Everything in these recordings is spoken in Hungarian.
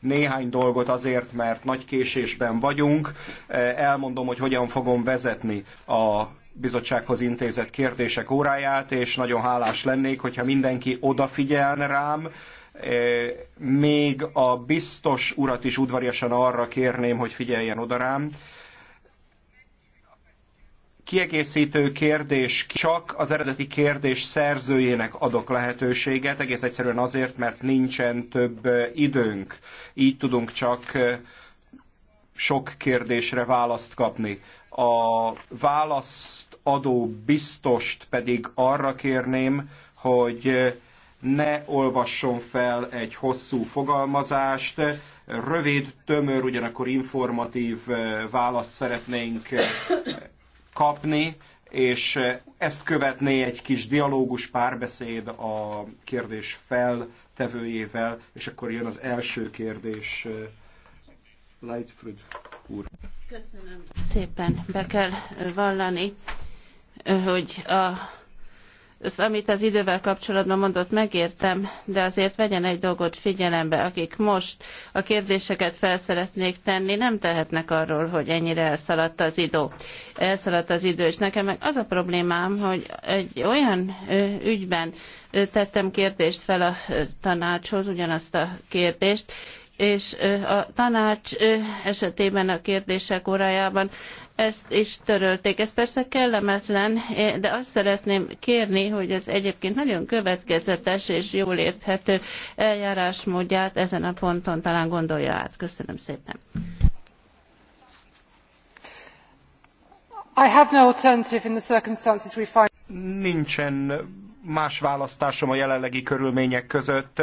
néhány dolgot azért, mert nagy késésben vagyunk. Eh, elmondom, hogy hogyan fogom vezetni a bizottsághoz intézett kérdések óráját, és nagyon hálás lennék, hogyha mindenki odafigyelne rám, eh, még a biztos urat is udvariasan arra kérném, hogy figyeljen oda rám, kiegészítő kérdés csak az eredeti kérdés szerzőjének adok lehetőséget, egész egyszerűen azért, mert nincsen több időnk. Így tudunk csak sok kérdésre választ kapni. A választ adó biztost pedig arra kérném, hogy ne olvasson fel egy hosszú fogalmazást, rövid, tömör, ugyanakkor informatív választ szeretnénk kapni, és eh, ezt követné egy kis dialógus párbeszéd a kérdés feltevőjével, és akkor jön az első kérdés. Eh, Lightfrid úr. Köszönöm szépen, be kell vallani, eh, hogy a ezt, amit az idővel kapcsolatban mondott, megértem, de azért vegyen egy dolgot figyelembe, akik most a kérdéseket felszeretnék tenni, nem tehetnek arról, hogy ennyire elszaladt az idő. Elszaladt az idő, és nekem meg az a problémám, hogy egy olyan ügyben tettem kérdést fel a tanácshoz, ugyanazt a kérdést, és a tanács esetében a kérdések órájában ezt is törölték. Ez persze kellemetlen, eh, de azt szeretném kérni, hogy ez egyébként nagyon következetes és jól érthető eljárásmódját ezen a ponton talán gondolja át. Köszönöm szépen. I have no alternative in the circumstances we find. Nincsen más választásom a jelenlegi körülmények között.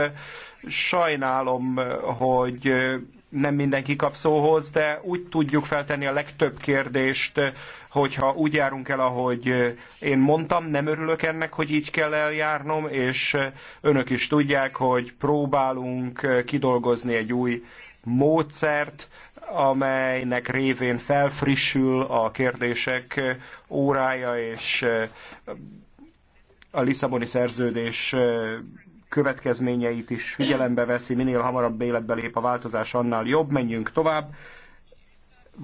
Sajnálom, hogy nem mindenki kap szóhoz, de úgy tudjuk feltenni a legtöbb kérdést, hogyha úgy járunk el, ahogy én mondtam, nem örülök ennek, hogy így kell eljárnom, és önök is tudják, hogy próbálunk kidolgozni egy új módszert, amelynek révén felfrissül a kérdések órája, és a Lisszaboni szerződés következményeit is figyelembe veszi, minél hamarabb életbe lép a változás, annál jobb, menjünk tovább.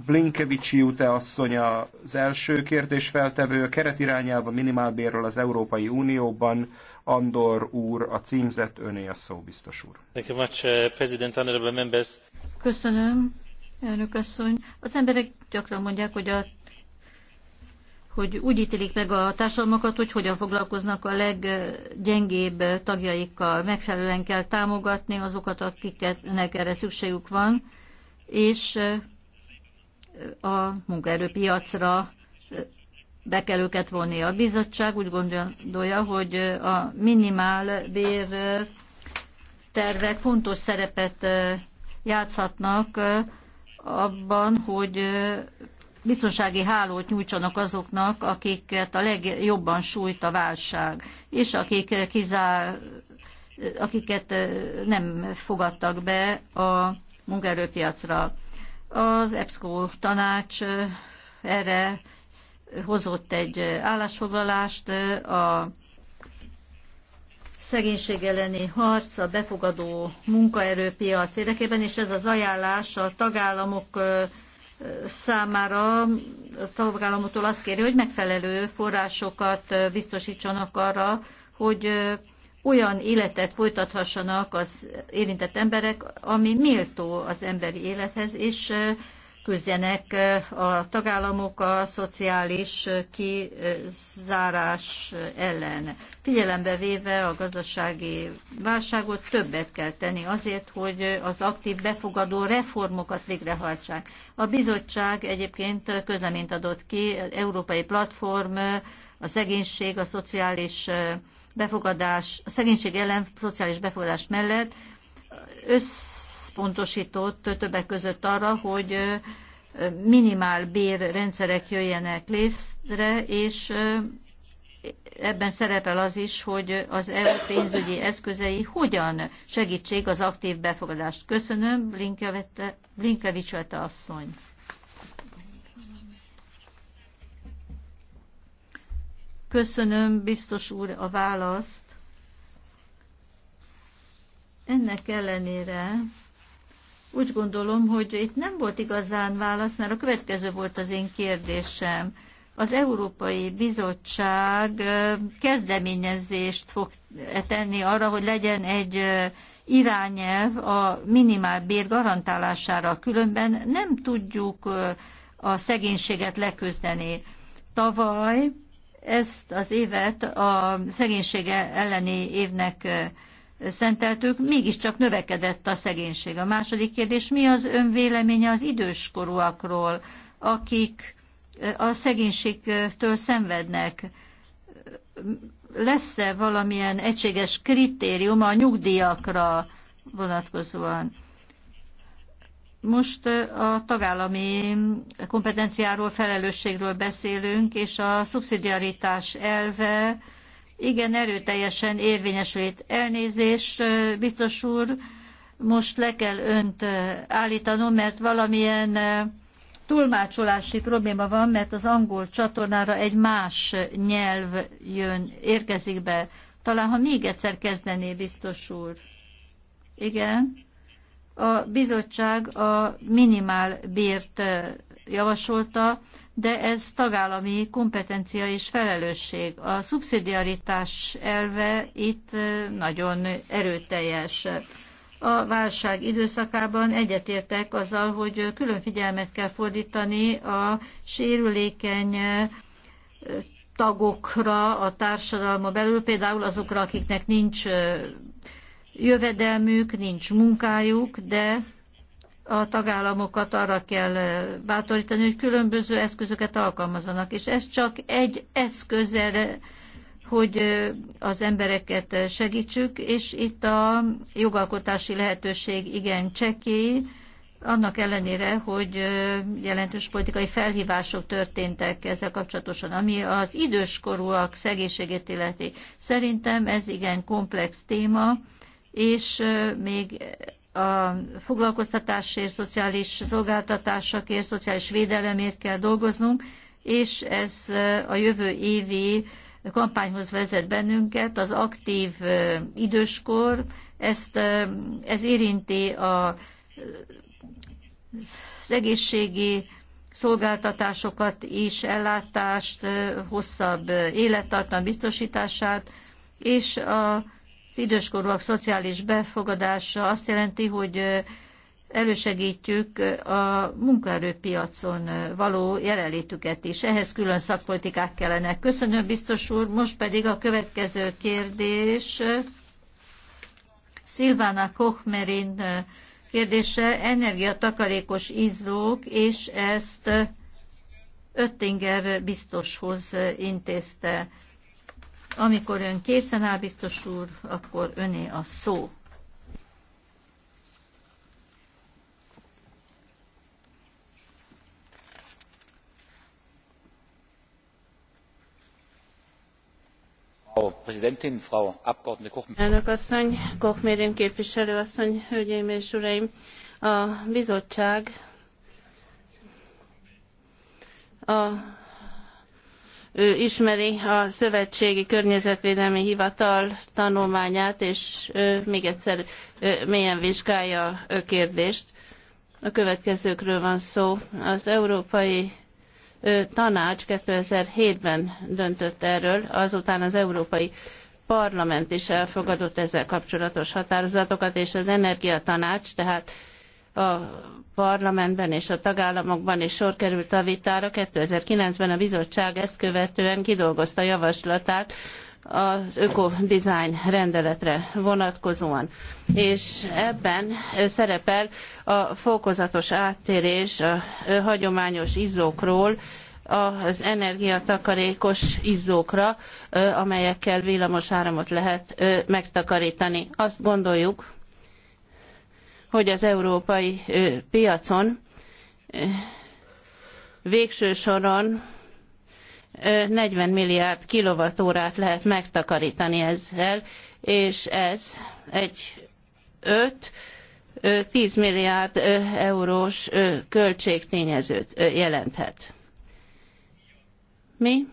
Blinkevicsi Jute asszony az első kérdésfeltevő, a keretirányelv a minimálbérről az Európai Unióban, Andor úr, a címzett öné a szó, biztos úr. Uh, Köszönöm, elnök asszony. Az emberek gyakran mondják, hogy a hogy úgy ítélik meg a társadalmakat, hogy hogyan foglalkoznak a leggyengébb tagjaikkal. Megfelelően kell támogatni azokat, akiknek erre szükségük van, és a munkaerőpiacra be kell őket vonni. A bizottság úgy gondolja, hogy a minimál bér tervek fontos szerepet játszhatnak abban, hogy biztonsági hálót nyújtsanak azoknak, akiket a legjobban sújt a válság, és akik kizár, akiket nem fogadtak be a munkaerőpiacra. Az EBSCO tanács erre hozott egy állásfoglalást, a szegénység elleni harc a befogadó munkaerőpiac érdekében, és ez az ajánlás a tagállamok számára a tagállamotól azt kéri, hogy megfelelő forrásokat biztosítsanak arra, hogy olyan életet folytathassanak az érintett emberek, ami méltó az emberi élethez, és küzdenek a tagállamok a szociális kizárás ellen. Figyelembe véve a gazdasági válságot többet kell tenni azért, hogy az aktív befogadó reformokat végrehajtsák. A bizottság egyébként közleményt adott ki, Európai Platform, a szegénység, a szociális befogadás, a szegénység ellen, a szociális befogadás mellett össz összpontosított többek között arra, hogy minimál bérrendszerek jöjjenek létre, és ebben szerepel az is, hogy az EU pénzügyi eszközei hogyan segítsék az aktív befogadást. Köszönöm, Blinkevicsete asszony. Köszönöm, biztos úr, a választ. Ennek ellenére úgy gondolom, hogy itt nem volt igazán válasz, mert a következő volt az én kérdésem. Az Európai Bizottság kezdeményezést fog tenni arra, hogy legyen egy irányelv a minimálbér garantálására, különben nem tudjuk a szegénységet leküzdeni. Tavaly ezt az évet a szegénysége elleni évnek szenteltük, mégiscsak növekedett a szegénység. A második kérdés, mi az ön véleménye az időskorúakról, akik a szegénységtől szenvednek? Lesz-e valamilyen egységes kritérium a nyugdíjakra vonatkozóan? Most a tagállami kompetenciáról, felelősségről beszélünk, és a szubszidiaritás elve igen erőteljesen érvényesült elnézés. biztos úr, most le kell önt állítanom, mert valamilyen tolmácsolási probléma van, mert az angol csatornára egy más nyelv jön, érkezik be. Talán, ha még egyszer kezdené, biztos úr. Igen. A bizottság a minimál bért javasolta, de ez tagállami kompetencia és felelősség. A szubszidiaritás elve itt nagyon erőteljes. A válság időszakában egyetértek azzal, hogy külön figyelmet kell fordítani a sérülékeny tagokra a társadalma belül, például azokra, akiknek nincs jövedelmük, nincs munkájuk, de a tagállamokat arra kell bátorítani, hogy különböző eszközöket alkalmazzanak, és ez csak egy eszköz erre, hogy az embereket segítsük, és itt a jogalkotási lehetőség igen csekély, annak ellenére, hogy jelentős politikai felhívások történtek ezzel kapcsolatosan, ami az időskorúak szegénységét illeti. Szerintem ez igen komplex téma, és még a foglalkoztatásért, szociális szolgáltatásokért, szociális védelemért kell dolgoznunk, és ez a jövő évi kampányhoz vezet bennünket, az aktív időskor, ezt, ez érinti a, az egészségi szolgáltatásokat is, ellátást, hosszabb élettartam biztosítását, és a az időskorúak szociális befogadása azt jelenti, hogy elősegítjük a munkaerőpiacon való jelenlétüket is. Ehhez külön szakpolitikák kellene. Köszönöm, biztos úr. Most pedig a következő kérdés. Szilvána Kochmerin kérdése, energiatakarékos izzók, és ezt Öttinger biztoshoz intézte. Amikor ön készen áll, biztos úr, akkor öné a szó. elnök asszony kochmérin képviselő asszony hölgyeim és uraim! a bizottság a ismeri a Szövetségi Környezetvédelmi Hivatal tanulmányát, és még egyszer mélyen vizsgálja a kérdést. A következőkről van szó. Az Európai Tanács 2007-ben döntött erről, azután az Európai Parlament is elfogadott ezzel kapcsolatos határozatokat, és az Energiatanács, tehát a parlamentben és a tagállamokban is sor került a vitára. 2009-ben a bizottság ezt követően kidolgozta javaslatát az ökodizájn rendeletre vonatkozóan. És ebben szerepel a fokozatos áttérés a hagyományos izzókról, az energiatakarékos izzókra, amelyekkel villamos áramot lehet megtakarítani. Azt gondoljuk, hogy az európai piacon végső soron 40 milliárd kilovatórát lehet megtakarítani ezzel, és ez egy 5 10 milliárd eurós költségtényezőt jelenthet. Mi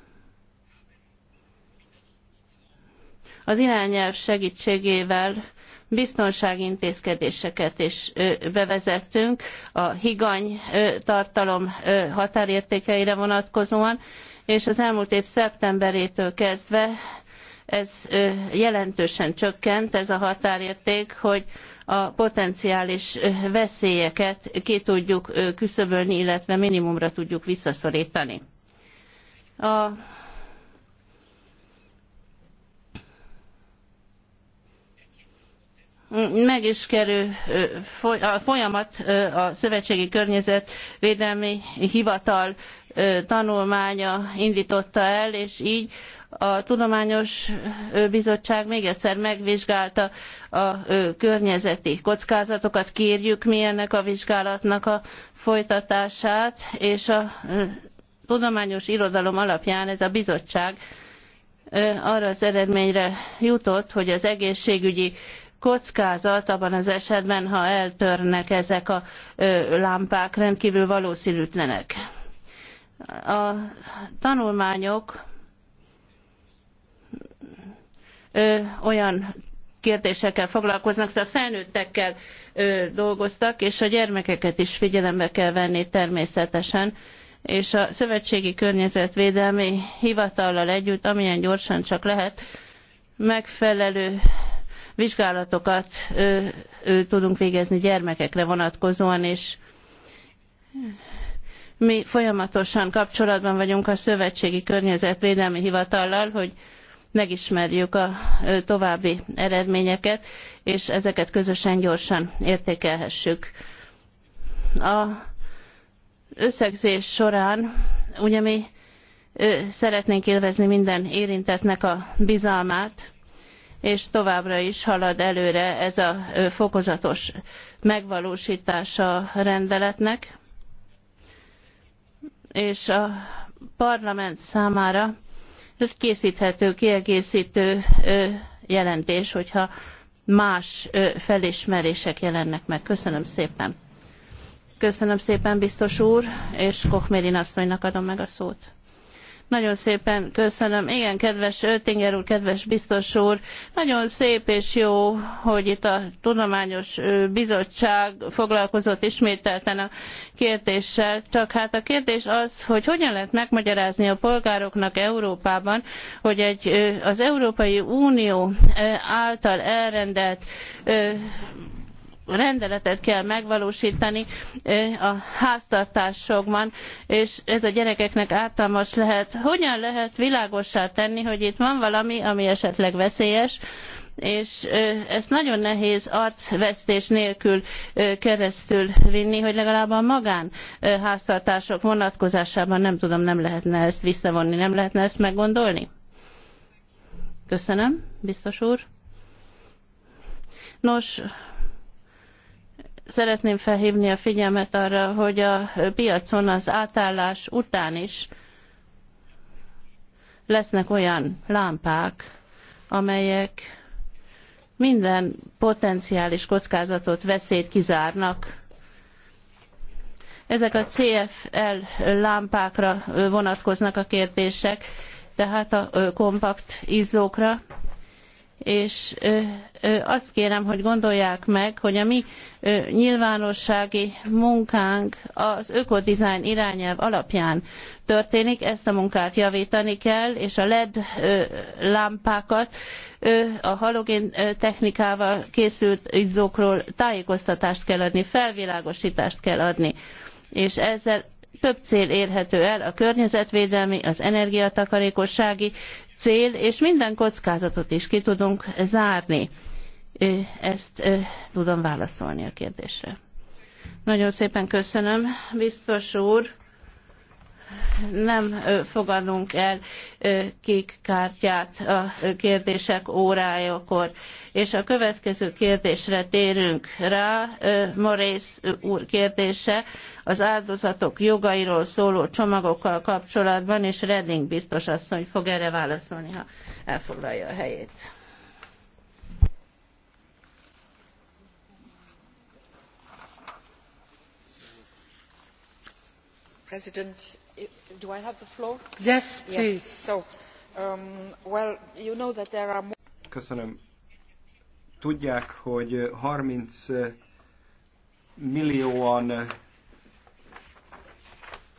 az irányelv segítségével biztonsági intézkedéseket is bevezettünk a higany tartalom határértékeire vonatkozóan, és az elmúlt év szeptemberétől kezdve ez jelentősen csökkent, ez a határérték, hogy a potenciális veszélyeket ki tudjuk küszöbölni, illetve minimumra tudjuk visszaszorítani. A meg is kerül a folyamat a Szövetségi Környezetvédelmi Hivatal tanulmánya indította el, és így a Tudományos Bizottság még egyszer megvizsgálta a környezeti kockázatokat, kérjük mi ennek a vizsgálatnak a folytatását, és a tudományos irodalom alapján ez a bizottság arra az eredményre jutott, hogy az egészségügyi kockázat abban az esetben, ha eltörnek ezek a lámpák, rendkívül valószínűtlenek. A tanulmányok olyan kérdésekkel foglalkoznak, szóval felnőttekkel dolgoztak, és a gyermekeket is figyelembe kell venni természetesen és a Szövetségi Környezetvédelmi Hivatallal együtt, amilyen gyorsan csak lehet, megfelelő vizsgálatokat ö, ö, tudunk végezni gyermekekre vonatkozóan, és mi folyamatosan kapcsolatban vagyunk a Szövetségi Környezetvédelmi Hivatallal, hogy megismerjük a további eredményeket, és ezeket közösen gyorsan értékelhessük. A összegzés során ugye mi szeretnénk élvezni minden érintetnek a bizalmát, és továbbra is halad előre ez a fokozatos megvalósítása a rendeletnek, és a parlament számára ez készíthető, kiegészítő jelentés, hogyha más felismerések jelennek meg. Köszönöm szépen. Köszönöm szépen, biztos úr, és Kochmérin asszonynak adom meg a szót. Nagyon szépen köszönöm. Igen, kedves Öttinger úr, kedves biztos úr, nagyon szép és jó, hogy itt a Tudományos Bizottság foglalkozott ismételten a kérdéssel, csak hát a kérdés az, hogy hogyan lehet megmagyarázni a polgároknak Európában, hogy egy, az Európai Unió által elrendelt rendeletet kell megvalósítani a háztartásokban, és ez a gyerekeknek ártalmas lehet. Hogyan lehet világossá tenni, hogy itt van valami, ami esetleg veszélyes, és ezt nagyon nehéz arcvesztés nélkül keresztül vinni, hogy legalább a magán háztartások vonatkozásában nem tudom, nem lehetne ezt visszavonni, nem lehetne ezt meggondolni? Köszönöm, biztos úr. Nos, Szeretném felhívni a figyelmet arra, hogy a piacon az átállás után is lesznek olyan lámpák, amelyek minden potenciális kockázatot, veszélyt kizárnak. Ezek a CFL lámpákra vonatkoznak a kérdések, tehát a kompakt izzókra, és azt kérem, hogy gondolják meg, hogy a mi nyilvánossági munkánk az ökodizájn irányelv alapján történik, ezt a munkát javítani kell, és a LED lámpákat a halogén technikával készült izzókról tájékoztatást kell adni, felvilágosítást kell adni, és ezzel több cél érhető el, a környezetvédelmi, az energiatakarékossági cél, és minden kockázatot is ki tudunk zárni. Ezt tudom válaszolni a kérdésre. Nagyon szépen köszönöm, biztos úr nem fogadunk el kék kártyát a kérdések órájakor. És a következő kérdésre térünk rá. Morész úr kérdése az áldozatok jogairól szóló csomagokkal kapcsolatban, és Redding biztos asszony fog erre válaszolni, ha elfoglalja a helyét. President, Köszönöm. Tudják, hogy 30 eh, millióan eh,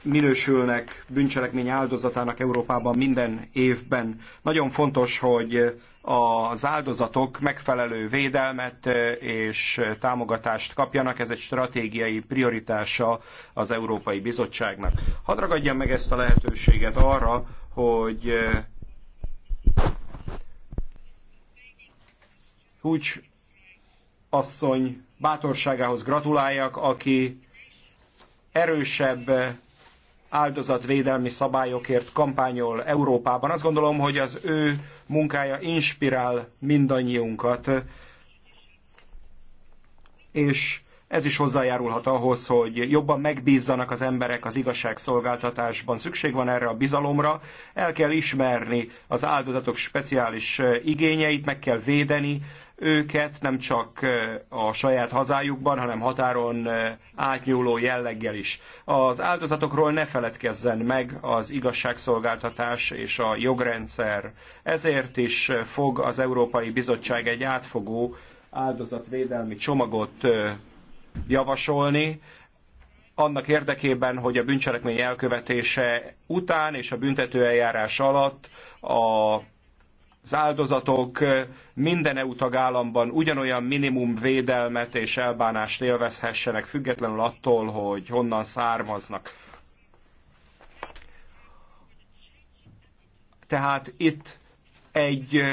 minősülnek bűncselekmény áldozatának Európában minden évben. Nagyon fontos, hogy eh, az áldozatok megfelelő védelmet és támogatást kapjanak. Ez egy stratégiai prioritása az Európai Bizottságnak. Hadd ragadjam meg ezt a lehetőséget arra, hogy Húcs asszony bátorságához gratuláljak, aki erősebb áldozatvédelmi szabályokért kampányol Európában. Azt gondolom, hogy az ő munkája inspirál mindannyiunkat, és ez is hozzájárulhat ahhoz, hogy jobban megbízzanak az emberek az igazságszolgáltatásban. Szükség van erre a bizalomra. El kell ismerni az áldozatok speciális igényeit, meg kell védeni őket, nem csak a saját hazájukban, hanem határon átnyúló jelleggel is. Az áldozatokról ne feledkezzen meg az igazságszolgáltatás és a jogrendszer. Ezért is fog az Európai Bizottság egy átfogó áldozatvédelmi csomagot javasolni, annak érdekében, hogy a bűncselekmény elkövetése után és a büntetőeljárás alatt a az áldozatok minden EU tagállamban ugyanolyan minimum védelmet és elbánást élvezhessenek, függetlenül attól, hogy honnan származnak. Tehát itt egy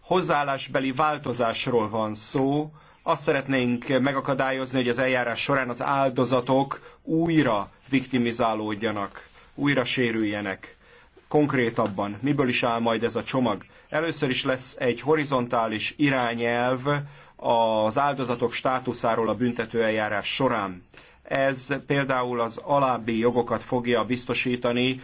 hozzáállásbeli változásról van szó, azt szeretnénk megakadályozni, hogy az eljárás során az áldozatok újra viktimizálódjanak, újra sérüljenek konkrétabban, miből is áll majd ez a csomag. Először is lesz egy horizontális irányelv az áldozatok státuszáról a büntetőeljárás során. Ez például az alábbi jogokat fogja biztosítani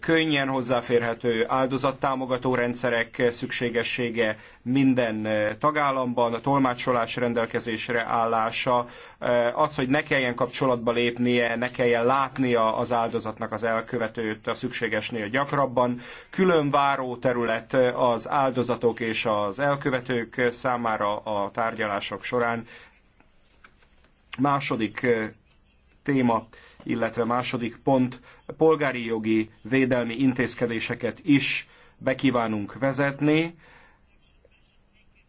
könnyen hozzáférhető áldozattámogató rendszerek szükségessége minden eh, tagállamban, a tolmácsolás rendelkezésre állása, eh, az, hogy ne kelljen kapcsolatba lépnie, ne kelljen látnia az áldozatnak az elkövetőt a szükségesnél gyakrabban, külön váró terület az áldozatok és az elkövetők számára a tárgyalások során. Második eh, téma illetve második pont polgári jogi védelmi intézkedéseket is bekívánunk vezetni,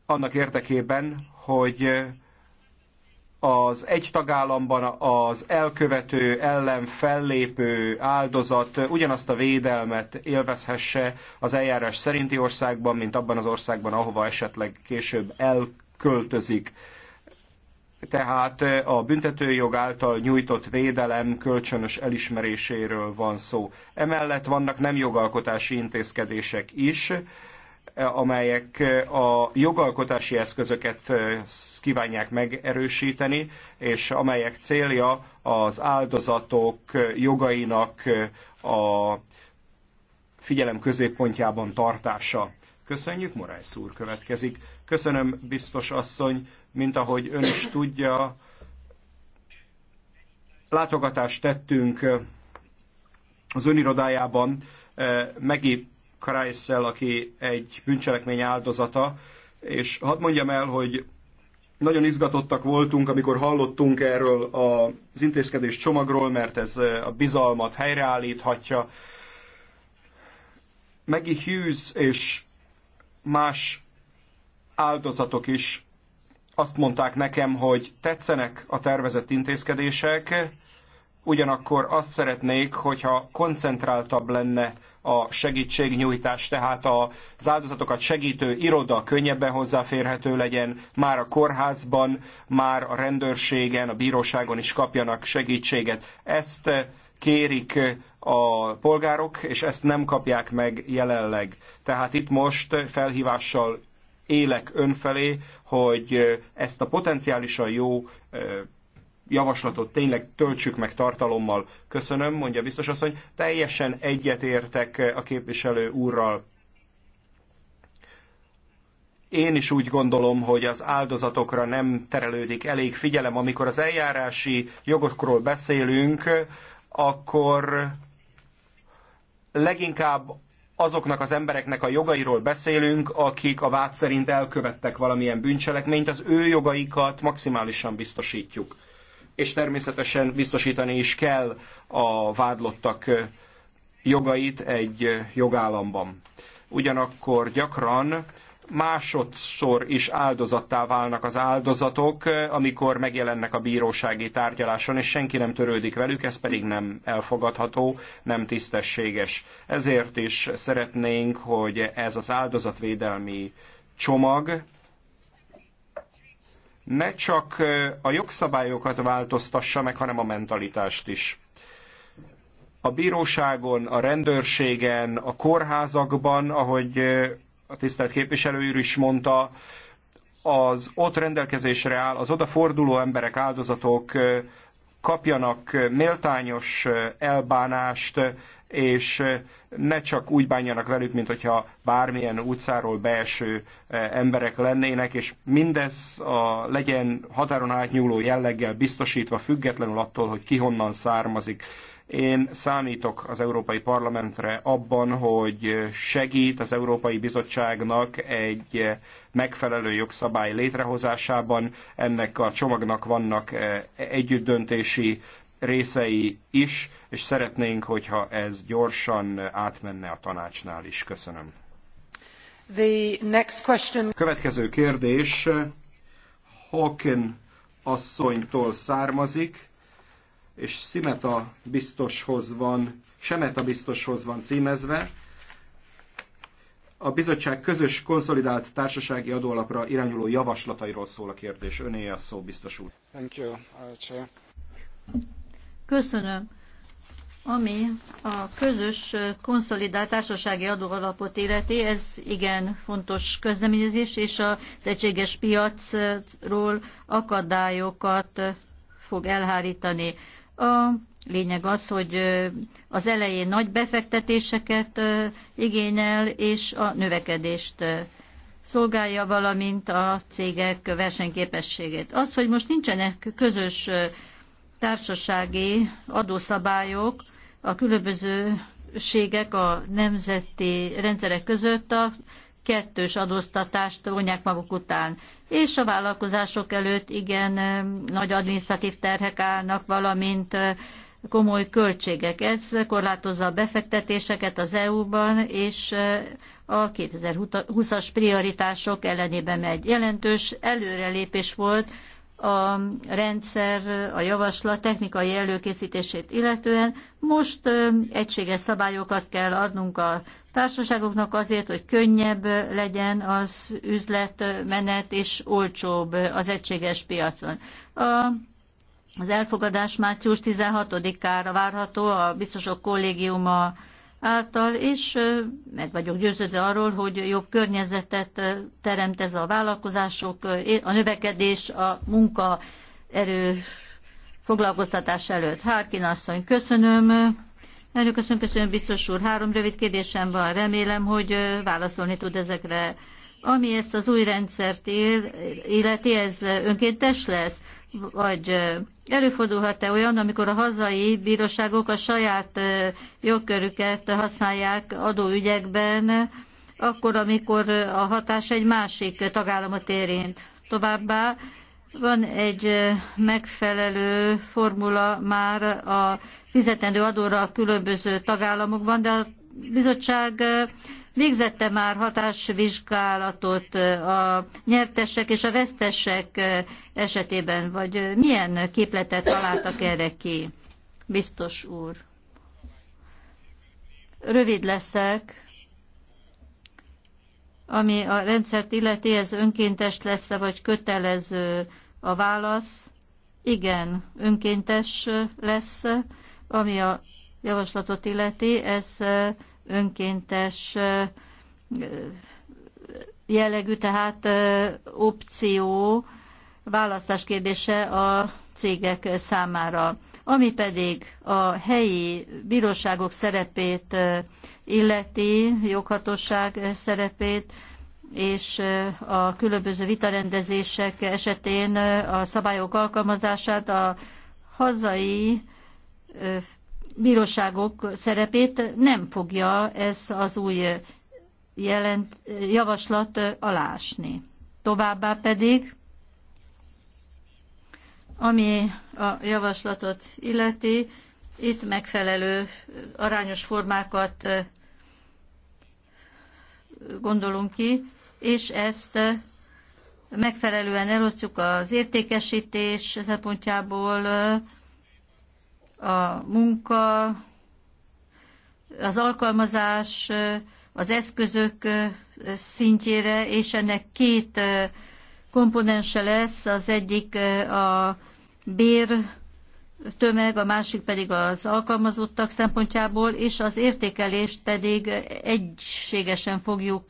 annak érdekében, hogy az egy tagállamban az elkövető ellen fellépő áldozat ugyanazt a védelmet élvezhesse az eljárás szerinti országban, mint abban az országban, ahova esetleg később elköltözik tehát a büntetőjog által nyújtott védelem kölcsönös elismeréséről van szó. Emellett vannak nem jogalkotási intézkedések is, amelyek a jogalkotási eszközöket kívánják megerősíteni, és amelyek célja az áldozatok jogainak a figyelem középpontjában tartása. Köszönjük, Morájsz úr következik. Köszönöm, biztos asszony mint ahogy ön is tudja, látogatást tettünk az önirodájában eh, Megi Kreissel, aki egy bűncselekmény áldozata, és hadd mondjam el, hogy nagyon izgatottak voltunk, amikor hallottunk erről az intézkedés csomagról, mert ez eh, a bizalmat helyreállíthatja. Maggie Hughes és más áldozatok is azt mondták nekem, hogy tetszenek a tervezett intézkedések, ugyanakkor azt szeretnék, hogyha koncentráltabb lenne a segítségnyújtás, tehát az áldozatokat segítő iroda könnyebben hozzáférhető legyen, már a kórházban, már a rendőrségen, a bíróságon is kapjanak segítséget. Ezt kérik a polgárok, és ezt nem kapják meg jelenleg. Tehát itt most felhívással élek önfelé, hogy ezt a potenciálisan jó javaslatot tényleg töltsük meg tartalommal. Köszönöm, mondja biztos asszony. Teljesen egyetértek a képviselő úrral. Én is úgy gondolom, hogy az áldozatokra nem terelődik elég figyelem. Amikor az eljárási jogokról beszélünk, akkor leginkább azoknak az embereknek a jogairól beszélünk, akik a vád szerint elkövettek valamilyen bűncselekményt, az ő jogaikat maximálisan biztosítjuk. És természetesen biztosítani is kell a vádlottak jogait egy jogállamban. Ugyanakkor gyakran másodszor is áldozattá válnak az áldozatok, amikor megjelennek a bírósági tárgyaláson, és senki nem törődik velük, ez pedig nem elfogadható, nem tisztességes. Ezért is szeretnénk, hogy ez az áldozatvédelmi csomag ne csak a jogszabályokat változtassa meg, hanem a mentalitást is a bíróságon, a rendőrségen, a kórházakban, ahogy a tisztelt képviselő is mondta, az ott rendelkezésre áll, az odaforduló emberek, áldozatok kapjanak méltányos elbánást, és ne csak úgy bánjanak velük, mint hogyha bármilyen utcáról beeső emberek lennének, és mindez a, legyen határon átnyúló jelleggel biztosítva, függetlenül attól, hogy ki honnan származik. Én számítok az Európai Parlamentre abban, hogy segít az Európai Bizottságnak egy megfelelő jogszabály létrehozásában. Ennek a csomagnak vannak eh, együttdöntési részei is, és szeretnénk, hogyha ez gyorsan átmenne a tanácsnál is. Köszönöm. The next question... Következő kérdés Hawken asszonytól származik és Szimeta biztoshoz van, Semeta biztoshoz van címezve, a bizottság közös konszolidált társasági adóalapra irányuló javaslatairól szól a kérdés. Öné a szó, biztos úr. Thank you, uh, Köszönöm. Ami a közös uh, konszolidált társasági adóalapot illeti, ez igen fontos közleményezés, és az egységes piacról akadályokat fog elhárítani. A lényeg az, hogy az elején nagy befektetéseket igényel, és a növekedést szolgálja, valamint a cégek versenyképességét. Az, hogy most nincsenek közös társasági adószabályok, a különbözőségek a nemzeti rendszerek között a kettős adóztatást vonják maguk után. És a vállalkozások előtt igen nagy adminisztratív terhek állnak, valamint komoly költségek. Ez korlátozza a befektetéseket az EU-ban, és a 2020-as prioritások ellenében egy Jelentős előrelépés volt a rendszer, a javaslat technikai előkészítését illetően. Most egységes szabályokat kell adnunk a társaságoknak azért, hogy könnyebb legyen az üzletmenet és olcsóbb az egységes piacon. A az elfogadás március 16-ára várható, a biztosok kollégiuma által, és meg vagyok győződve arról, hogy jobb környezetet teremt ez a vállalkozások, a növekedés, a munkaerő foglalkoztatás előtt. Hárkin asszony, köszönöm. Elnök köszönöm, köszönöm, biztos úr. Három rövid kérdésem van, remélem, hogy válaszolni tud ezekre. Ami ezt az új rendszert él, illeti, ez önkéntes lesz? vagy előfordulhat-e olyan, amikor a hazai bíróságok a saját jogkörüket használják adóügyekben, akkor, amikor a hatás egy másik tagállamot érint. Továbbá van egy megfelelő formula már a fizetendő adóra a különböző tagállamokban, de a bizottság végzette már hatásvizsgálatot a nyertesek és a vesztesek esetében, vagy milyen képletet találtak erre ki? Biztos úr. Rövid leszek. Ami a rendszert illeti, ez önkéntes lesz -e, vagy kötelező a válasz? Igen, önkéntes lesz, ami a javaslatot illeti. Ez önkéntes jellegű, tehát opció, választás kérdése a cégek számára. Ami pedig a helyi bíróságok szerepét illeti, joghatóság szerepét, és a különböző vitarendezések esetén a szabályok alkalmazását a hazai bíróságok szerepét nem fogja ez az új jelent, javaslat alásni. Továbbá pedig, ami a javaslatot illeti, itt megfelelő arányos formákat gondolunk ki, és ezt megfelelően elosztjuk az értékesítés szempontjából, a munka, az alkalmazás, az eszközök szintjére, és ennek két komponense lesz, az egyik a bér tömeg, a másik pedig az alkalmazottak szempontjából, és az értékelést pedig egységesen fogjuk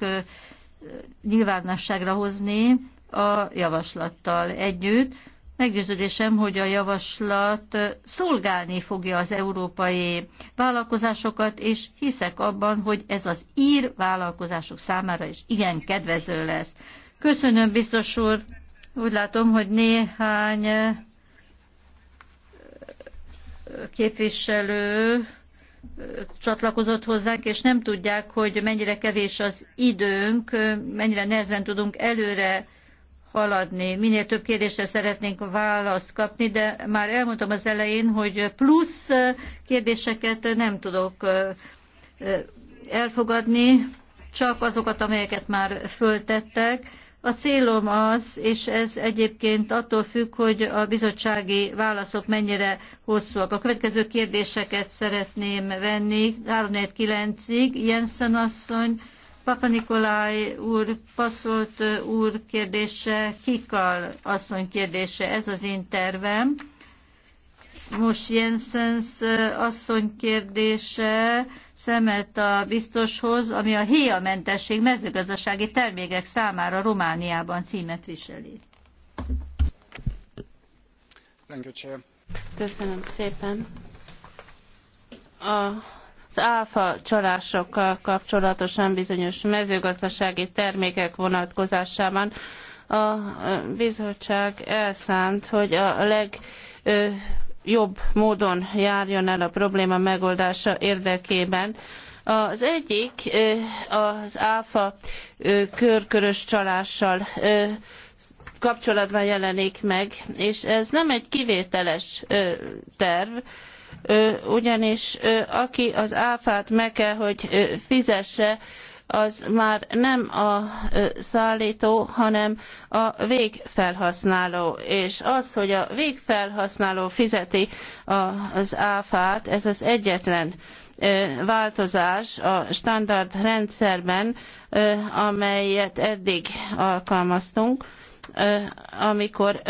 nyilvánosságra hozni a javaslattal együtt. Meggyőződésem, hogy a javaslat szolgálni fogja az európai vállalkozásokat, és hiszek abban, hogy ez az ír vállalkozások számára is igen kedvező lesz. Köszönöm, biztos úr. Úgy látom, hogy néhány képviselő csatlakozott hozzánk, és nem tudják, hogy mennyire kevés az időnk, mennyire nehezen tudunk előre haladni. Minél több kérdésre szeretnénk választ kapni, de már elmondtam az elején, hogy plusz kérdéseket nem tudok elfogadni, csak azokat, amelyeket már föltettek. A célom az, és ez egyébként attól függ, hogy a bizottsági válaszok mennyire hosszúak. A következő kérdéseket szeretném venni 349-ig. Jensen asszony, Papa Nikolaj úr, Passzolt úr kérdése, Kikal asszony kérdése, ez az én tervem. Most Jensens asszony kérdése szemet a biztoshoz, ami a héjamentesség mezőgazdasági termékek számára Romániában címet viseli. Köszönöm szépen. A az áfa csalásokkal kapcsolatosan bizonyos mezőgazdasági termékek vonatkozásában a bizottság elszánt, hogy a legjobb módon járjon el a probléma megoldása érdekében. Az egyik az áfa körkörös csalással kapcsolatban jelenik meg, és ez nem egy kivételes terv, ugyanis aki az áfát meg kell, hogy fizesse, az már nem a szállító, hanem a végfelhasználó. És az, hogy a végfelhasználó fizeti az áfát, ez az egyetlen változás a standard rendszerben, amelyet eddig alkalmaztunk amikor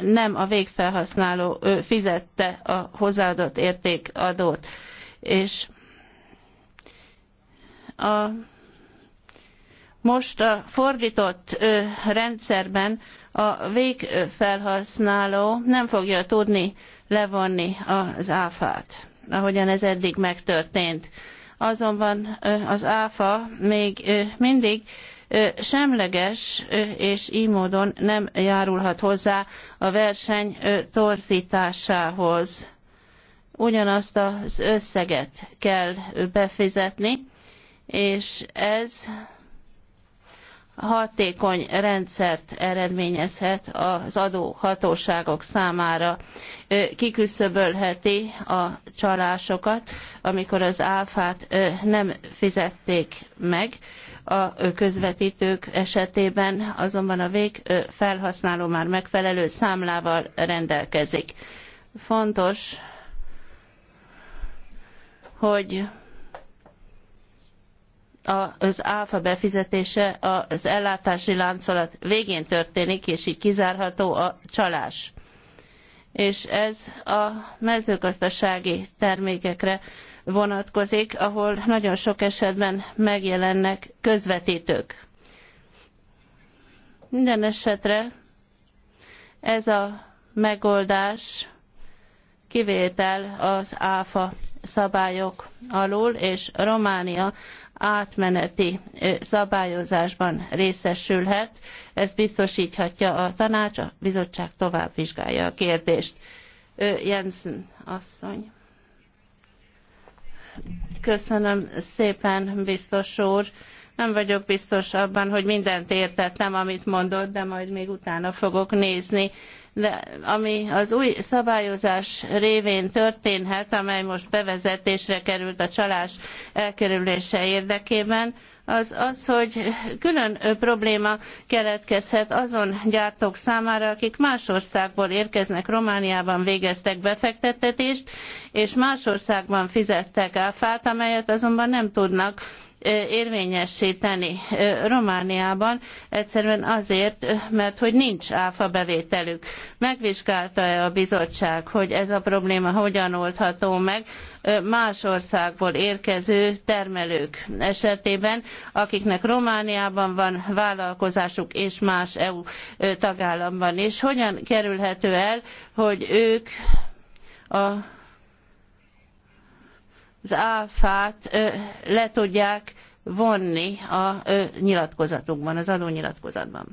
nem a végfelhasználó fizette a hozzáadott érték adót És a, most a fordított rendszerben a végfelhasználó nem fogja tudni levonni az áfát, ahogyan ez eddig megtörtént. Azonban az áfa még mindig semleges, és így módon nem járulhat hozzá a verseny torzításához. Ugyanazt az összeget kell befizetni, és ez hatékony rendszert eredményezhet az adóhatóságok számára. Kiküszöbölheti a csalásokat, amikor az áfát nem fizették meg, a közvetítők esetében azonban a végfelhasználó már megfelelő számlával rendelkezik. Fontos, hogy az áfa befizetése az ellátási láncolat végén történik, és így kizárható a csalás. És ez a mezőgazdasági termékekre vonatkozik, ahol nagyon sok esetben megjelennek közvetítők. Minden esetre ez a megoldás kivétel az áfa szabályok alól, és Románia átmeneti szabályozásban részesülhet. Ezt biztosíthatja a tanács, a bizottság tovább vizsgálja a kérdést. Jensen asszony. Köszönöm szépen, biztos úr. Nem vagyok biztos abban, hogy mindent értettem, amit mondott, de majd még utána fogok nézni. De ami az új szabályozás révén történhet, amely most bevezetésre került a csalás elkerülése érdekében, az az, hogy külön probléma keletkezhet azon gyártók számára, akik más országból érkeznek, Romániában végeztek befektetést, és más országban fizettek áfát, amelyet azonban nem tudnak tenni Romániában, egyszerűen azért, mert hogy nincs áfa bevételük. Megvizsgálta-e a bizottság, hogy ez a probléma hogyan oldható meg más országból érkező termelők esetében, akiknek Romániában van vállalkozásuk és más EU tagállamban is. Hogyan kerülhető el, hogy ők a az áfát le tudják vonni a nyilatkozatukban, az adónyilatkozatban.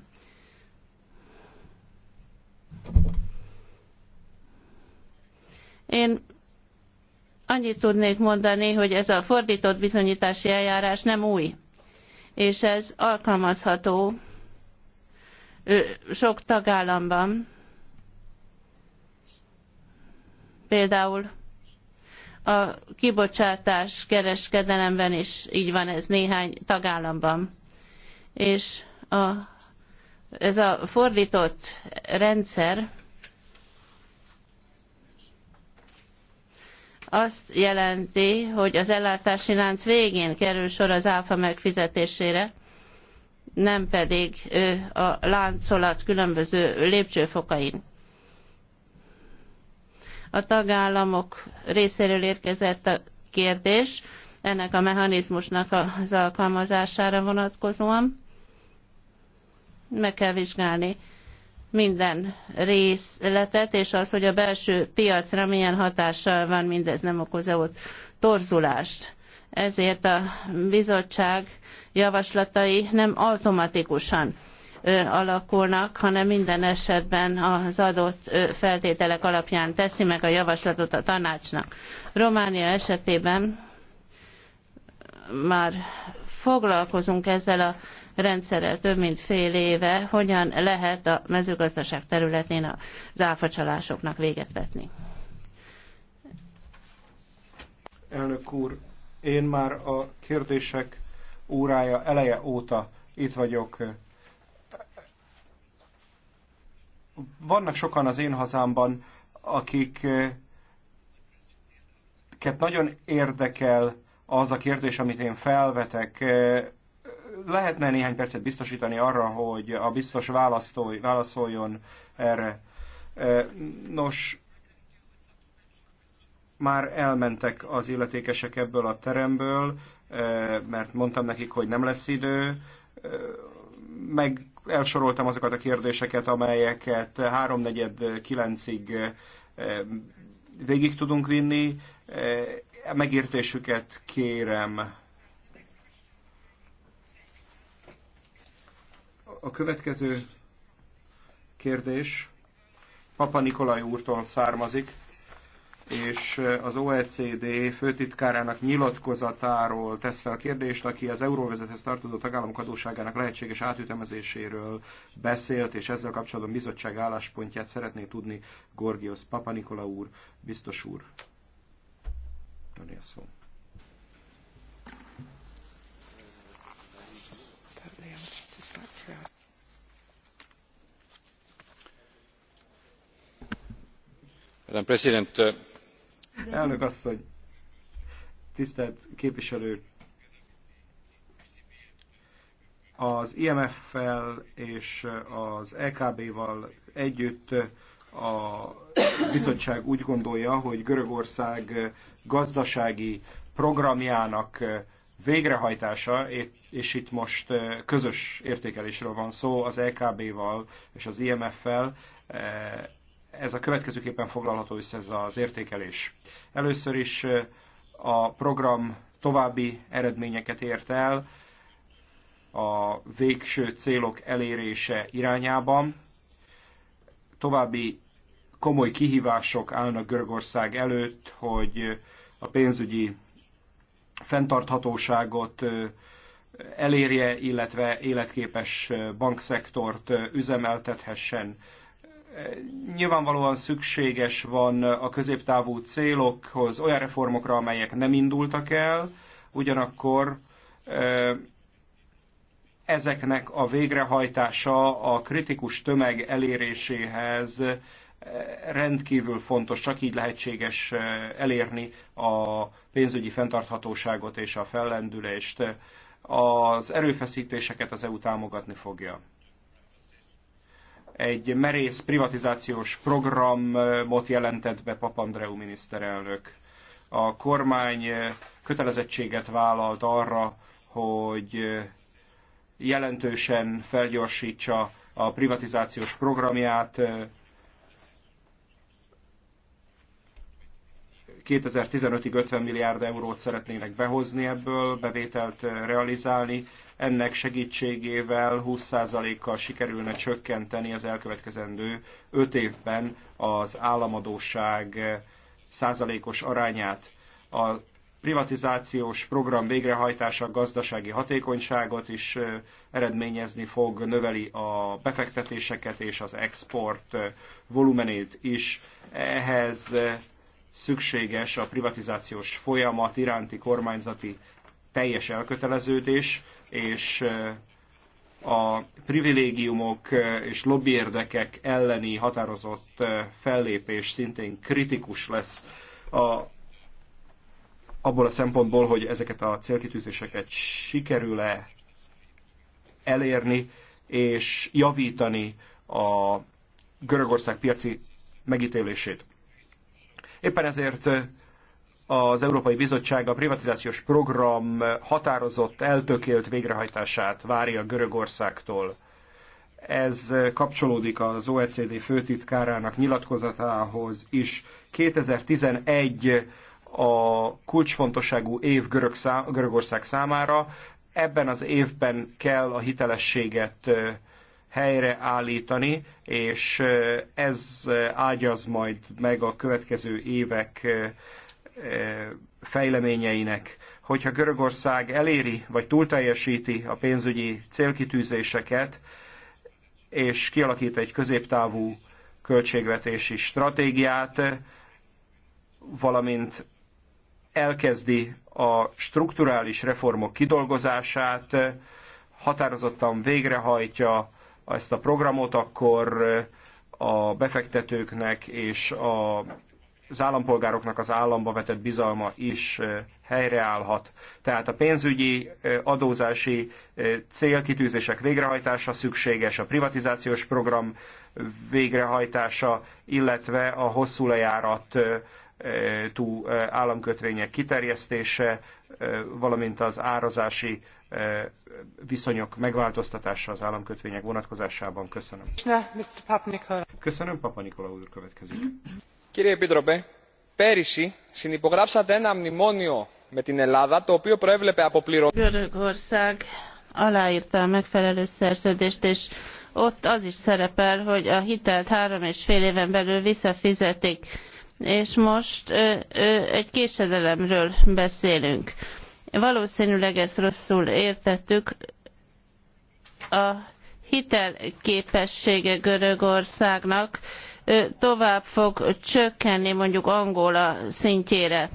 Én annyit tudnék mondani, hogy ez a fordított bizonyítási eljárás nem új, és ez alkalmazható sok tagállamban. Például a kibocsátás kereskedelemben is így van ez néhány tagállamban. És a, ez a fordított rendszer azt jelenti, hogy az ellátási lánc végén kerül sor az áfa megfizetésére, nem pedig a láncolat különböző lépcsőfokain. A tagállamok részéről érkezett a kérdés ennek a mechanizmusnak az alkalmazására vonatkozóan. Meg kell vizsgálni minden részletet, és az, hogy a belső piacra milyen hatással van, mindez nem okoz-e ott torzulást. Ezért a bizottság javaslatai nem automatikusan alakulnak, hanem minden esetben az adott feltételek alapján teszi meg a javaslatot a tanácsnak. Románia esetében már foglalkozunk ezzel a rendszerrel több mint fél éve, hogyan lehet a mezőgazdaság területén az áfacsalásoknak véget vetni. Elnök úr, én már a kérdések órája eleje óta itt vagyok vannak sokan az én hazámban, akik eh, nagyon érdekel az a kérdés, amit én felvetek. Eh, lehetne néhány percet biztosítani arra, hogy a biztos választói, válaszoljon erre. Eh, nos, már elmentek az illetékesek ebből a teremből, mert mondtam nekik, hogy nem lesz idő. Meg elsoroltam azokat a kérdéseket, amelyeket 3-4 kilencig eh, végig tudunk vinni. Eh, megértésüket kérem. A következő kérdés Papa Nikolaj úrtól származik és az OECD főtitkárának nyilatkozatáról tesz fel kérdést, aki az euróvezethez tartozó tagállamok adóságának lehetséges átütemezéséről beszélt, és ezzel kapcsolatban bizottság álláspontját szeretné tudni Gorgios Papanikola úr, biztos úr. Önél szó. Madam President, Elnök asszony, tisztelt képviselő, az IMF-fel és az EKB-val együtt a bizottság úgy gondolja, hogy Görögország gazdasági programjának végrehajtása, és itt most közös értékelésről van szó az EKB-val és az IMF-fel, ez a következőképpen foglalható össze ez az értékelés. Először is a program további eredményeket ért el a végső célok elérése irányában. További komoly kihívások állnak Görögország előtt, hogy a pénzügyi fenntarthatóságot elérje, illetve életképes bankszektort üzemeltethessen nyilvánvalóan szükséges van a középtávú célokhoz olyan reformokra, amelyek nem indultak el, ugyanakkor ezeknek a végrehajtása a kritikus tömeg eléréséhez rendkívül fontos, csak így lehetséges elérni a pénzügyi fenntarthatóságot és a fellendülést. Az erőfeszítéseket az EU támogatni fogja egy merész privatizációs programot jelentett be Papandreou miniszterelnök. A kormány eh, kötelezettséget vállalt arra, hogy eh, jelentősen felgyorsítsa a privatizációs programját, 2015-ig eh, 50 milliárd eurót szeretnének behozni ebből, bevételt realizálni. Ennek segítségével 20%-kal sikerülne csökkenteni az elkövetkezendő 5 évben az államadóság százalékos arányát. A privatizációs program végrehajtása gazdasági hatékonyságot is eredményezni fog, növeli a befektetéseket és az export volumenét is. Ehhez szükséges a privatizációs folyamat iránti kormányzati teljes elköteleződés, és eh, a privilégiumok eh, és lobbyérdekek elleni határozott eh, fellépés szintén kritikus lesz a, abból a szempontból, hogy ezeket a célkitűzéseket sikerül-e elérni és javítani a Görögország piaci megítélését. Éppen ezért az Európai Bizottság a privatizációs program határozott, eltökélt végrehajtását várja a Görögországtól. Ez kapcsolódik az OECD főtitkárának nyilatkozatához is. 2011 a kulcsfontosságú év Görög szá Görögország számára. Ebben az évben kell a hitelességet helyreállítani, és ez ágyaz majd meg a következő évek fejleményeinek. Hogyha Görögország eléri vagy túlteljesíti a pénzügyi célkitűzéseket, és kialakít egy középtávú költségvetési stratégiát, valamint elkezdi a strukturális reformok kidolgozását, határozottan végrehajtja ezt a programot, akkor a befektetőknek és a az állampolgároknak az államba vetett bizalma is helyreállhat. Tehát a pénzügyi adózási célkitűzések végrehajtása szükséges, a privatizációs program végrehajtása, illetve a hosszú lejárat tú államkötvények kiterjesztése, valamint az árazási viszonyok megváltoztatása az államkötvények vonatkozásában. Köszönöm. Köszönöm, Papa Nikola úr következik. Κύριε Επίτροπε, πέρυσι συνυπογράψατε ένα μνημόνιο με την Ελλάδα, το οποίο προέβλεπε αποπληρωμή. Görögország aláírta a megfelelő szerződést, és ott az is szerepel, hogy a hitelt három és fél éven visszafizetik, és most ö, ö, egy késedelemről beszélünk. Valószínűleg ezt rosszul értettük. A hitelképessége Görögországnak tovább fog csökkenni mondjuk Angola szintjére.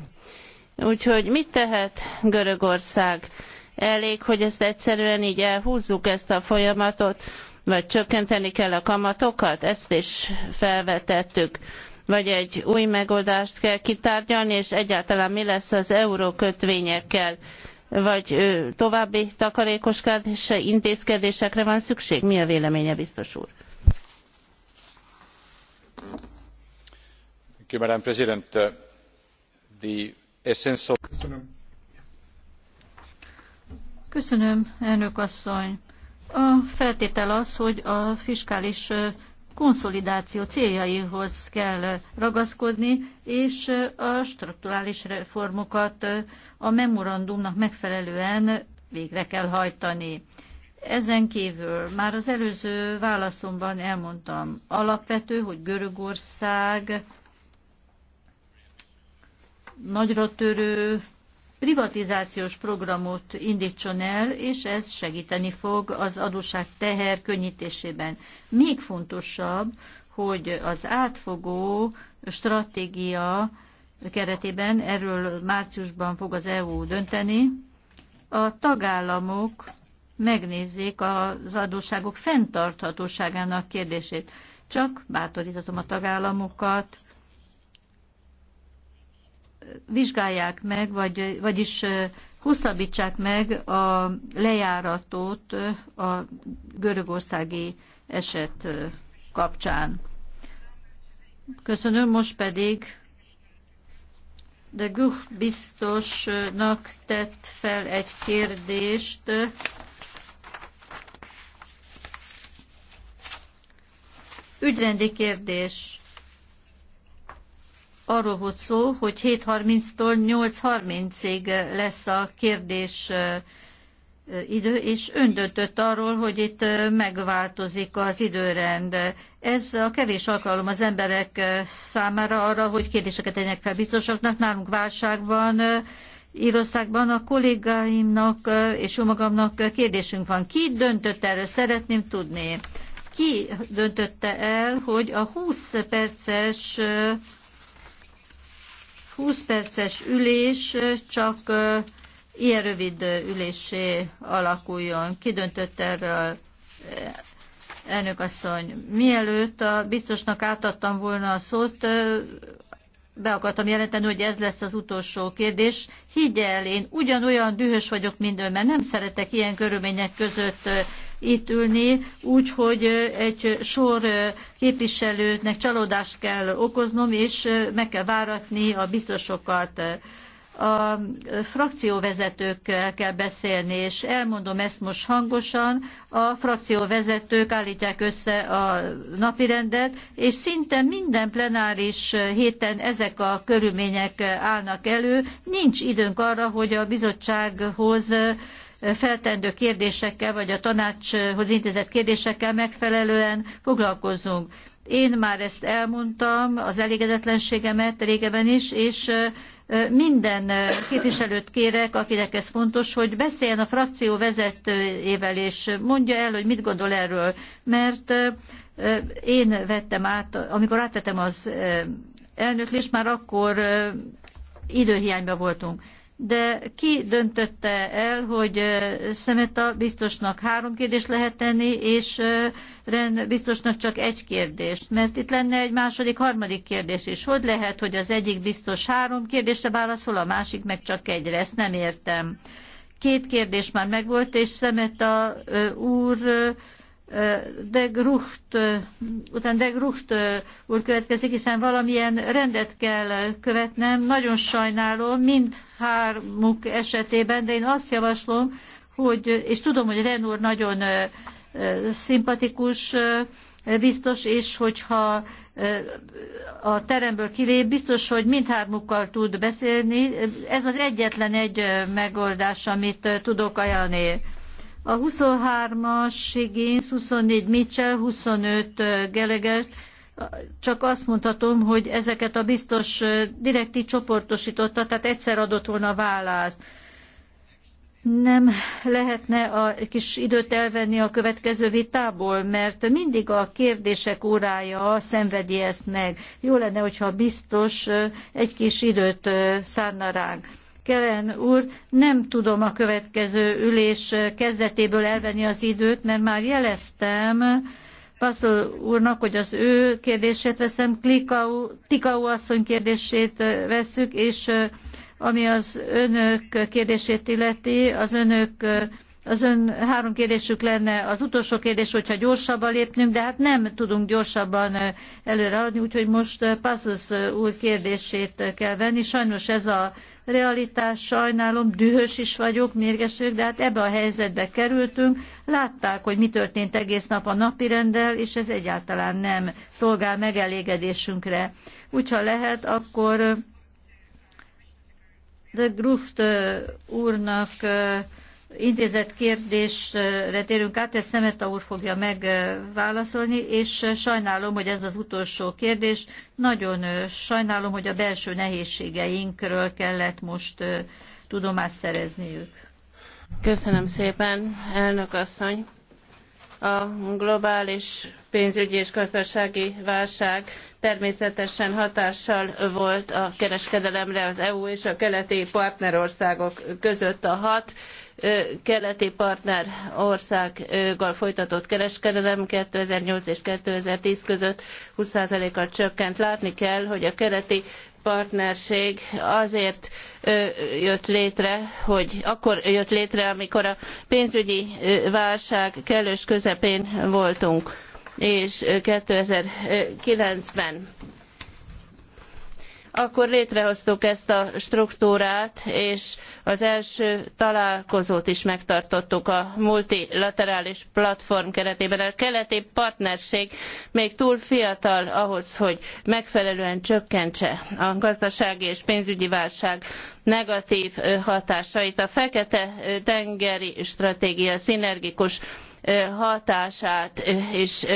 Úgyhogy mit tehet Görögország? Elég, hogy ezt egyszerűen így elhúzzuk ezt a folyamatot, vagy csökkenteni kell a kamatokat? Ezt is felvetettük vagy egy új megoldást kell kitárgyalni, és egyáltalán mi lesz az eurókötvényekkel, vagy további takarékoskodási intézkedésekre van szükség? Mi a véleménye, biztos úr? madam president uh, the essence of. Köszönöm. elnök asszony. A feltétel az, hogy a fiskális konszolidáció céljaihoz kell ragaszkodni, és a strukturális reformokat a memorandumnak megfelelően végre kell hajtani. Ezen kívül már az előző válaszomban elmondtam, alapvető, hogy Görögország nagyra törő privatizációs programot indítson el, és ez segíteni fog az adóság teher könnyítésében. Még fontosabb, hogy az átfogó stratégia keretében, erről márciusban fog az EU dönteni, a tagállamok megnézzék az adósságok fenntarthatóságának kérdését. Csak bátorítatom a tagállamokat, vizsgálják meg, vagy, vagyis hosszabbítsák meg a lejáratot a görögországi eset kapcsán. Köszönöm, most pedig de Guh biztosnak tett fel egy kérdést Ügyrendi kérdés. Arról volt szó, hogy 7.30-tól 8.30-ig lesz a kérdés idő, és ön döntött arról, hogy itt megváltozik az időrend. Ez a kevés alkalom az emberek számára arra, hogy kérdéseket tegyenek fel biztosoknak. Nálunk válság van, Írországban a kollégáimnak és jó magamnak kérdésünk van. Ki döntött erről? Szeretném tudni ki döntötte el, hogy a 20 perces 20 perces ülés csak ilyen rövid ülésé alakuljon. Ki döntött erről? Elnök asszony, mielőtt a biztosnak átadtam volna a szót, be akartam jelenteni, hogy ez lesz az utolsó kérdés. Higgy el, én ugyanolyan dühös vagyok, mint ön, mert nem szeretek ilyen körülmények között itt ülni, úgyhogy egy sor képviselőnek csalódást kell okoznom, és meg kell váratni a biztosokat a frakcióvezetőkkel beszélni, és elmondom ezt most hangosan, a frakcióvezetők állítják össze a napirendet, és szinte minden plenáris héten ezek a körülmények állnak elő. Nincs időnk arra, hogy a bizottsághoz feltendő kérdésekkel, vagy a tanácshoz intézett kérdésekkel megfelelően foglalkozzunk. Én már ezt elmondtam, az elégedetlenségemet régebben is, és minden képviselőt kérek, akinek ez fontos, hogy beszéljen a frakció vezetőjével, és mondja el, hogy mit gondol erről. Mert én vettem át, amikor átvettem az elnöklést, már akkor időhiányban voltunk de ki döntötte el, hogy Szemeta biztosnak három kérdést lehet tenni, és Ren biztosnak csak egy kérdést? Mert itt lenne egy második, harmadik kérdés is. Hogy lehet, hogy az egyik biztos három kérdésre válaszol, a másik meg csak egyre? Ezt nem értem. Két kérdés már megvolt, és Szemeta úr de Grucht, után de Grucht úr következik, hiszen valamilyen rendet kell követnem. Nagyon sajnálom mind hármuk esetében, de én azt javaslom, hogy, és tudom, hogy Ren úr nagyon szimpatikus biztos, és hogyha a teremből kilép, biztos, hogy mindhármukkal tud beszélni. Ez az egyetlen egy megoldás, amit tudok ajánlani. A 23-as Higgins, 24 Mitchell, 25 Geleges, csak azt mondhatom, hogy ezeket a biztos direkti csoportosította, tehát egyszer adott volna választ. Nem lehetne a kis időt elvenni a következő vitából, mert mindig a kérdések órája szenvedi ezt meg. Jó lenne, hogyha biztos egy kis időt szánna ránk. Kellen úr, nem tudom a következő ülés kezdetéből elvenni az időt, mert már jeleztem Pászol úrnak, hogy az ő kérdését veszem, Klikau, Tikau asszony kérdését vesszük, és ami az önök kérdését illeti, az önök az ön három kérdésük lenne, az utolsó kérdés, hogyha gyorsabban lépnünk, de hát nem tudunk gyorsabban előreadni, úgyhogy most Pazos úr kérdését kell venni. Sajnos ez a realitás, sajnálom, dühös is vagyok, mérges vagyok, de hát ebbe a helyzetbe kerültünk. Látták, hogy mi történt egész nap a napirenddel, és ez egyáltalán nem szolgál megelégedésünkre. Úgyha lehet, akkor de Gruft úrnak intézett kérdésre térünk át, ezt Szemeta úr fogja megválaszolni, és sajnálom, hogy ez az utolsó kérdés. Nagyon sajnálom, hogy a belső nehézségeinkről kellett most tudomást szerezniük. Köszönöm szépen, elnök asszony. A globális pénzügyi és gazdasági válság természetesen hatással volt a kereskedelemre az EU és a keleti partnerországok között a hat keleti partner országgal folytatott kereskedelem 2008 és 2010 között 20%-kal csökkent. Látni kell, hogy a keleti partnerség azért jött létre, hogy akkor jött létre, amikor a pénzügyi válság kellős közepén voltunk és 2009-ben akkor létrehoztuk ezt a struktúrát, és az első találkozót is megtartottuk a multilaterális platform keretében. A keleti partnerség még túl fiatal ahhoz, hogy megfelelően csökkentse a gazdasági és pénzügyi válság negatív hatásait. A fekete tengeri stratégia szinergikus hatását és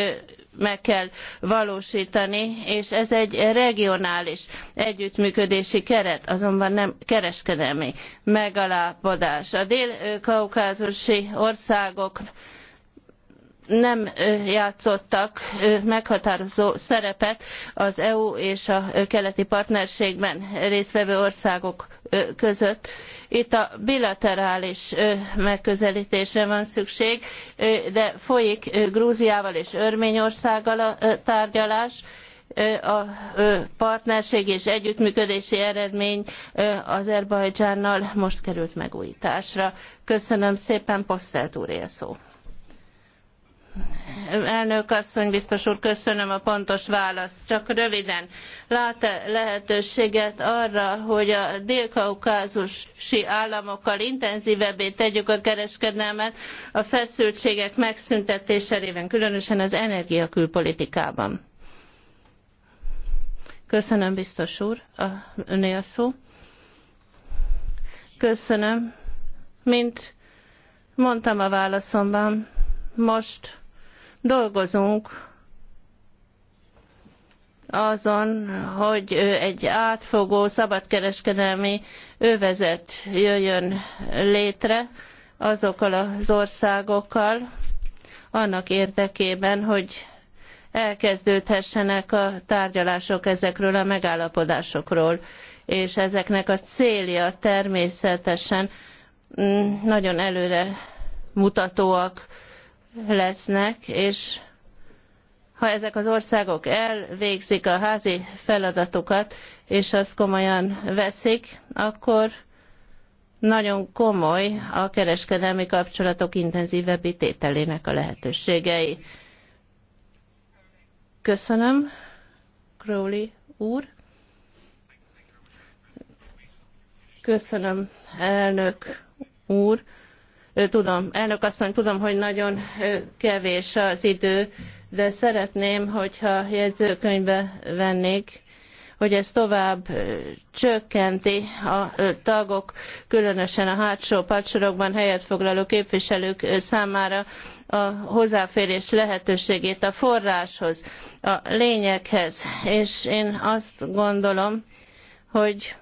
meg kell valósítani, és ez egy regionális együttműködési keret, azonban nem kereskedelmi megalapodás. A dél-kaukázusi országok nem játszottak meghatározó szerepet az EU és a keleti partnerségben résztvevő országok között. Itt a bilaterális megközelítésre van szükség, de folyik Grúziával és Örményországgal a tárgyalás a partnerség és együttműködési eredmény Azerbajdzsánnal most került megújításra. Köszönöm szépen, Posszelt úr szó. Elnök asszony, biztos úr, köszönöm a pontos választ. Csak röviden, lát-e lehetőséget arra, hogy a dél-kaukázusi államokkal intenzívebbé tegyük a kereskedelmet a feszültségek megszüntetése révén, különösen az energiakülpolitikában? Köszönöm, biztos úr, a, öné a szó. Köszönöm. Mint mondtam a válaszomban, most Dolgozunk azon, hogy egy átfogó szabadkereskedelmi övezet jöjjön létre azokkal az országokkal, annak érdekében, hogy elkezdődhessenek a tárgyalások ezekről a megállapodásokról, és ezeknek a célja természetesen mm, nagyon előre mutatóak lesznek, és ha ezek az országok elvégzik a házi feladatukat, és azt komolyan veszik, akkor nagyon komoly a kereskedelmi kapcsolatok intenzívebb tételének a lehetőségei. Köszönöm, Crowley úr. Köszönöm, elnök úr. Tudom, elnök asszony, tudom, hogy nagyon kevés az idő, de szeretném, hogyha jegyzőkönyvbe vennék, hogy ez tovább csökkenti a tagok, különösen a hátsó padsorokban helyet foglaló képviselők számára a hozzáférés lehetőségét a forráshoz, a lényeghez. És én azt gondolom, hogy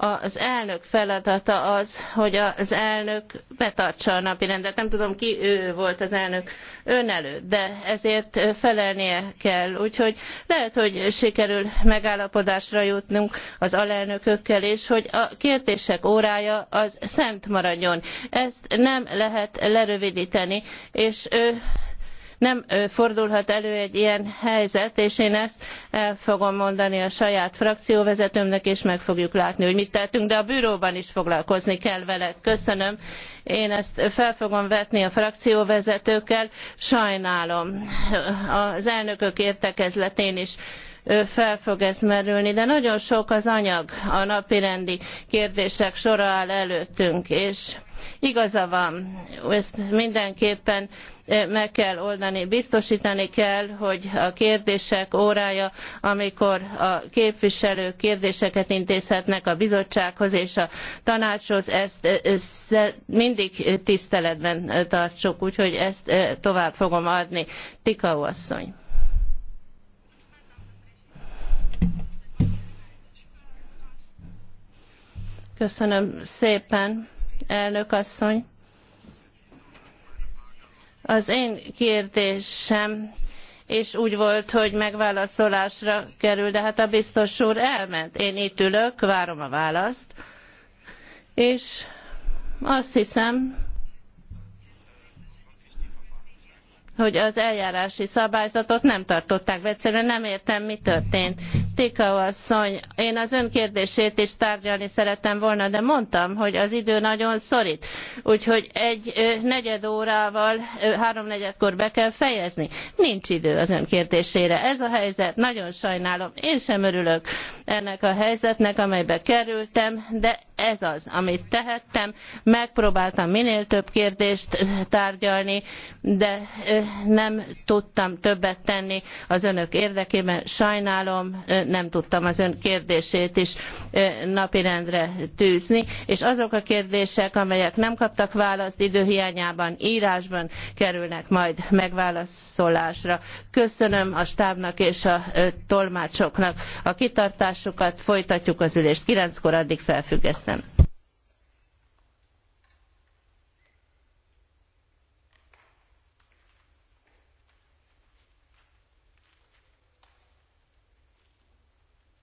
az elnök feladata az, hogy az elnök betartsa a napirendet. Nem tudom, ki ő volt az elnök ön előtt, de ezért felelnie kell. Úgyhogy lehet, hogy sikerül megállapodásra jutnunk az alelnökökkel, és hogy a kérdések órája az szent maradjon. Ezt nem lehet lerövidíteni, és ő nem fordulhat elő egy ilyen helyzet, és én ezt el fogom mondani a saját frakcióvezetőmnek, és meg fogjuk látni, hogy mit tettünk, de a bűróban is foglalkozni kell vele. Köszönöm. Én ezt fel fogom vetni a frakcióvezetőkkel. Sajnálom. Az elnökök értekezletén is fel fog ez merülni, de nagyon sok az anyag a napirendi kérdések sora áll előttünk, és Igaza van, ezt mindenképpen eh, meg kell oldani, biztosítani kell, hogy a kérdések órája, amikor a képviselők kérdéseket intézhetnek a bizottsághoz és a tanácshoz, ezt, eh, ezt mindig tiszteletben eh, tartsuk, úgyhogy ezt tovább fogom adni. Tikau asszony. Köszönöm szépen elnök asszony. Az én kérdésem és úgy volt, hogy megválaszolásra kerül, de hát a biztos úr elment. Én itt ülök, várom a választ, és azt hiszem, hogy az eljárási szabályzatot nem tartották be, egyszerűen nem értem, mi történt. Tika asszony, én az ön kérdését is tárgyalni szerettem volna, de mondtam, hogy az idő nagyon szorít. Úgyhogy egy negyed órával, háromnegyedkor be kell fejezni. Nincs idő az ön kérdésére. Ez a helyzet, nagyon sajnálom. Én sem örülök ennek a helyzetnek, amelybe kerültem, de ez az, amit tehettem. Megpróbáltam minél több kérdést tárgyalni, de nem tudtam többet tenni az önök érdekében. Sajnálom, nem tudtam az ön kérdését is napirendre tűzni, és azok a kérdések, amelyek nem kaptak választ időhiányában, írásban kerülnek majd megválaszolásra. Köszönöm a stábnak és a tolmácsoknak a kitartásukat, folytatjuk az ülést. Kilenckor addig felfüggesztem.